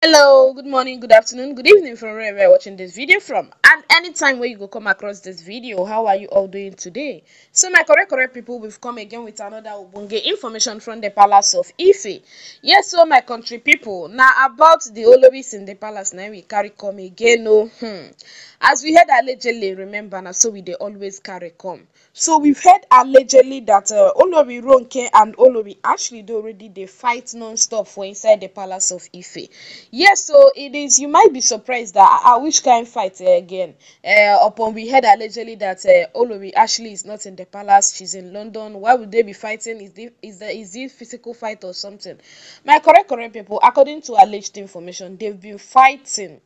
hello good morning good afternoon good evening from wherever you're watching this video from and anytime where you go come across this video how are you all doing today so my correct correct people we've come again with another ubunge information from the palace of ife yes so my country people now about the olovis in the palace now we carry come again oh hmm as we heard allegedly remember now, so we they always carry come so we've heard allegedly that uh, ronke and olori ashley do already they fight non-stop for inside the palace of ife yes so it is you might be surprised that uh, uh which kind of fight uh, again uh, upon we heard allegedly that uh, olori ashley is not in the palace she's in london why would they be fighting is this is is this physical fight or something my correct correct people according to alleged information they've been fighting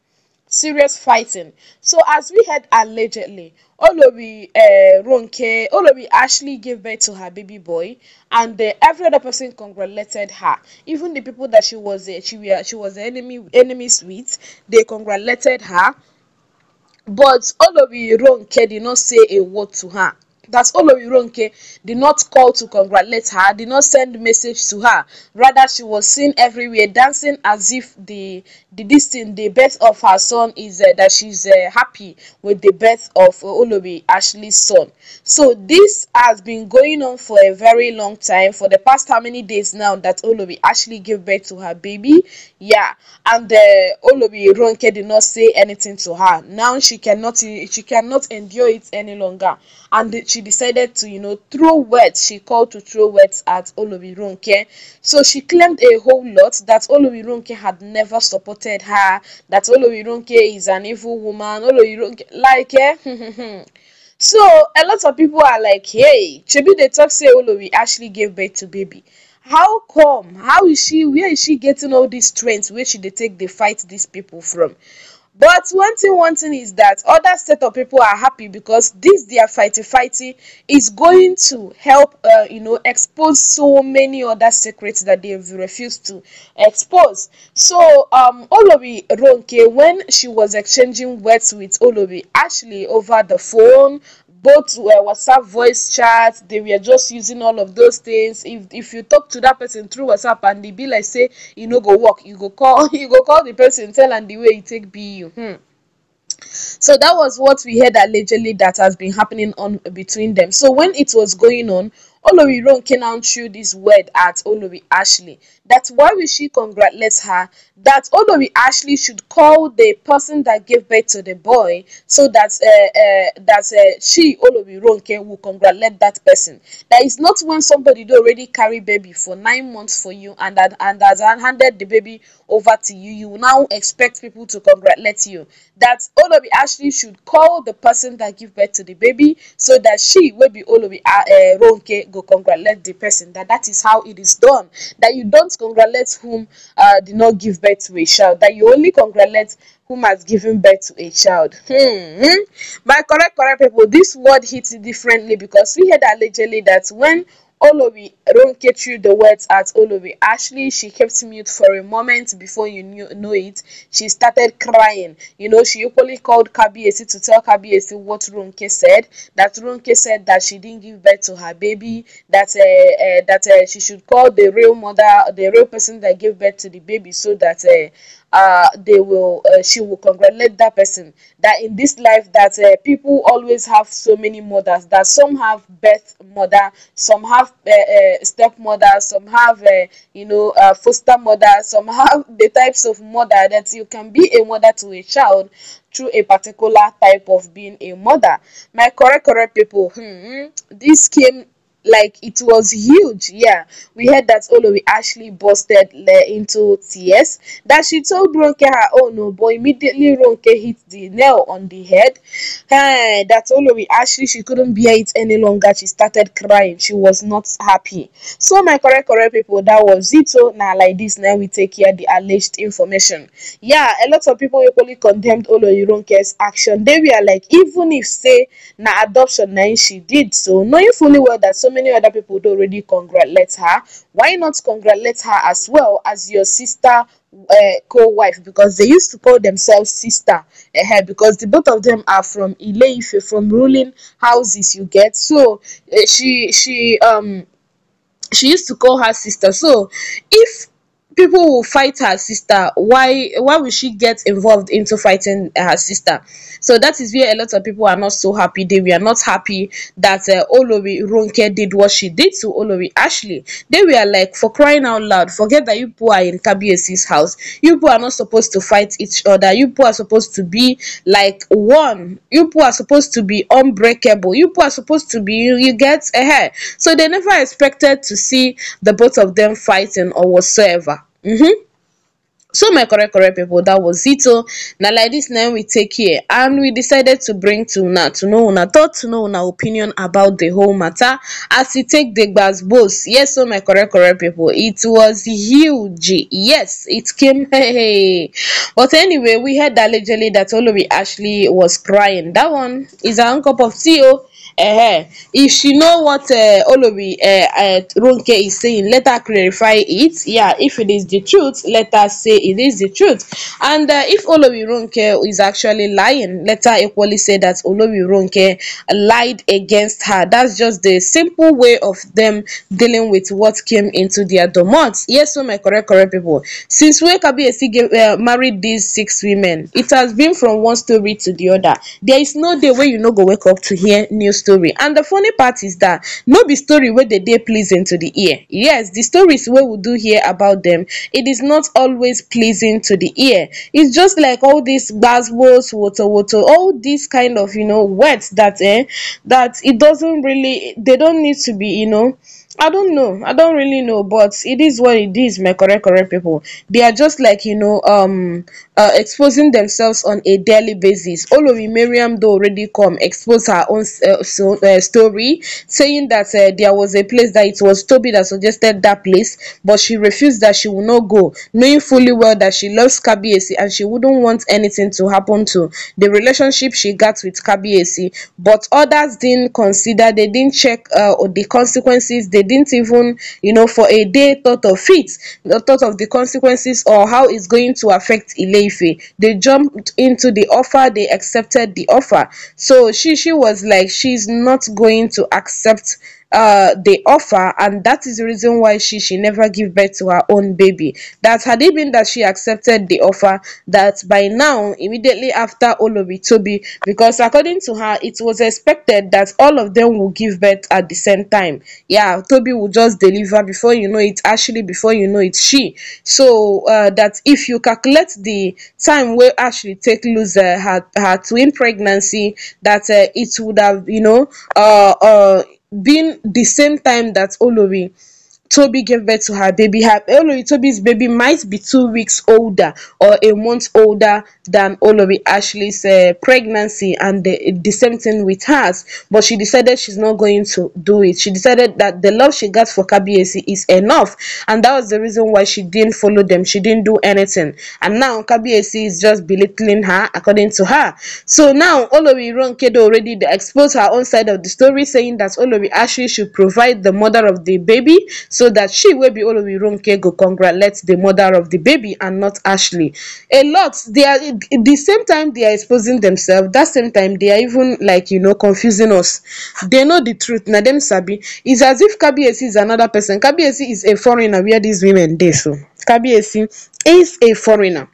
serious fighting. So as we heard allegedly, Olobi uh, Ronke, Olobi actually gave birth to her baby boy, and uh, every other person congratulated her. Even the people that she was uh, she were she was enemy enemies with, they congratulated her. But Olobi Ronke did not say a word to her that Oloyronke did not call to congratulate her, did not send message to her. Rather, she was seen everywhere dancing as if the the this the birth of her son is uh, that she's uh, happy with the birth of uh, Olobi Ashley's son. So this has been going on for a very long time for the past how many days now that Olobi Ashley gave birth to her baby. Yeah, and uh, Olobi Ronke did not say anything to her. Now she cannot she cannot endure it any longer, and she decided to, you know, throw words. She called to throw words at Olubirunke. So she claimed a whole lot that Olubirunke had never supported her, that Olubirunke is an evil woman, Olubirunke, like, eh? so a lot of people are like, hey, Chibi, they talk say Olobi actually gave birth to baby. How come? How is she? Where is she getting all these strength? Where should they take the fight these people from? But one thing, one thing is that other set of people are happy because this their fighty fighty is going to help, uh, you know, expose so many other secrets that they've refused to expose. So, um, Olobi Ronke, when she was exchanging words with Olobi Ashley over the phone both were WhatsApp voice chat, they were just using all of those things. If if you talk to that person through WhatsApp and they be like say you know go work, you go call you go call the person, tell and the way you take be you. Hmm. So that was what we heard allegedly that has been happening on between them. So when it was going on, Olori Ronkenan threw this word at Olori Ashley that why will she congratulate her, that Olori Ashley should call the person that gave birth to the boy so that uh, uh, that uh, she, Olori Ronke, will congratulate that person. That is not when somebody already carry baby for nine months for you and, that, and has handed the baby over to you, you now expect people to congratulate you. That Olori Ashley should call the person that gave birth to the baby so that she will be Olori uh, Ronke go congratulate the person that that is how it is done that you don't congratulate whom uh, did not give birth to a child that you only congratulate whom has given birth to a child hmm my correct correct people this word hits differently because we heard allegedly that when get you the words at it. Ashley. She kept mute for a moment before you knew, know it. She started crying. You know, she equally called Kabiesi to tell Kabiesi what Ronke said. That Ronke said that she didn't give birth to her baby. That uh, uh, that uh, she should call the real mother, the real person that gave birth to the baby, so that. Uh, uh, they will uh, she will congratulate that person that in this life that uh, people always have so many mothers that some have birth mother some have uh, uh, stepmother some have uh, you know foster mother some have the types of mother that you can be a mother to a child through a particular type of being a mother my correct correct people hmm, this came like it was huge. Yeah, we heard that Olori actually busted Le into tears. That she told Ronke her oh no, but immediately Ronke hit the nail on the head. Hey, that Olori actually she couldn't bear it any longer. She started crying. She was not happy. So my correct correct people, that was it. So now like this, now we take here the alleged information. Yeah, a lot of people equally condemned Olori Ronke's action. They were like, even if say na adoption, now she did so, knowing fully well that some many other people would already congratulate her. Why not congratulate her as well as your sister uh, co-wife? Because they used to call themselves sister. Uh, because the both of them are from Ileife, from ruling houses. You get so uh, she she um she used to call her sister. So if people will fight her sister why why will she get involved into fighting her sister so that is where a lot of people are not so happy they were not happy that uh, olori ronke did what she did to olori ashley they were like for crying out loud forget that you people are in kbs's house you people are not supposed to fight each other you people are supposed to be like one you people are supposed to be unbreakable you people are supposed to be you, you get ahead. so they never expected to see the both of them fighting or whatsoever Mm-hmm. So my correct correct people, that was it. So now like this now we take here and we decided to bring to now to know una thought to know una opinion about the whole matter as we take the bus boss. Yes, so my correct correct people, it was huge. Yes, it came hey. But anyway, we heard allegedly that Olobi Ashley was crying. That one is a cup of tea. Oh um if she know what um olobi ronke is saying let her clarify it yeah if it is the truth let her say it is the truth and uh, if olobi ronke is actually lying let her equally say that olobi ronke lied against her that's just the simple way of them dealing with what came into their domot yes so my correct correct people since we kabiyesi uh, married these six women it has been from one story to the other there is no day wey you no go wake up to hear news story and the funny part is that no be story where they dey pleasing to the ear yes the stories where we do hear about them. it is not always pleasing to the ear its just like all these dis water, water, all these kind of you know words that eh that it doesn't really they don't need to be you know I don't know. I don't really know, but it is what it is, my correct correct people. They are just like you know, um uh, exposing themselves on a daily basis. All you, Miriam though already come expose her own uh, so, uh, story, saying that uh, there was a place that it was Toby that suggested that place, but she refused that she will not go, knowing fully well that she loves Kabiesi and she wouldn't want anything to happen to the relationship she got with Kabiesi. But others didn't consider, they didn't check uh, the consequences. They didn't even you know for a day thought of it thought of the consequences or how it's going to affect ileife they jumped into the offer they accepted the offer so she she was like she's not going to accept uh, they offer and that is the reason why she she never give birth to her own baby that had it been that she accepted the offer that by now immediately after Olobi be because according to her it was expected that all of them will give birth at the same time yeah Toby will just deliver before you know it Actually, before you know it she so uh, that if you calculate the time where actually take lose uh, her her twin pregnancy that uh, it would have you know uh uh been the same time all olori Toby gave birth to her baby. Her, Olori Toby's baby might be two weeks older or a month older than Olori Ashley's uh, pregnancy, and the, the same thing with hers. But she decided she's not going to do it. She decided that the love she got for Kabiesi is enough, and that was the reason why she didn't follow them. She didn't do anything, and now Kabiesi is just belittling her, according to her. So now Olori Ronkedo already exposed her own side of the story, saying that Olori Ashley should provide the mother of the baby. So so that she will be olorirunke go congratulate the mother of the baby and not ashley a lot they are the same time they are exposing themselves That same time they are even like you know confusing us they know the truth Nadem sabi is as if kabiyesi is another person kabiyesi is a foreigner Where these women dey so kabiyesi is a foreigner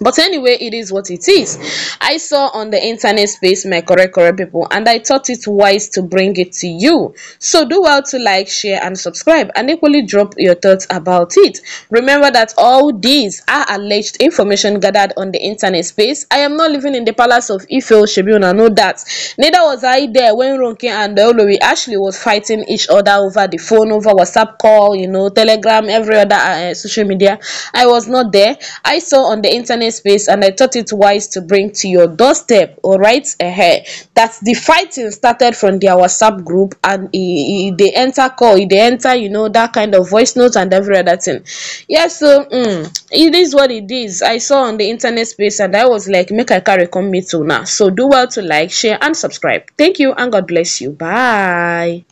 but anyway it is what it is i saw on the internet space my correct correct people and i thought it wise to bring it to you so do well to like share and subscribe and equally drop your thoughts about it remember that all these are alleged information gathered on the internet space i am not living in the palace of ife Shebuna, know that neither was i there when ronke and olori actually was fighting each other over the phone over whatsapp call you know telegram every other uh, social media i was not there i saw on the internet Space and I thought it wise to bring to your doorstep. All ahead uh-huh. that's the fighting started from their WhatsApp group and it, they enter call, it, they enter, you know, that kind of voice notes and every other thing. Yeah, so mm, it is what it is. I saw on the internet space and I was like, make I carry come me to now. So do well to like, share, and subscribe. Thank you and God bless you. Bye.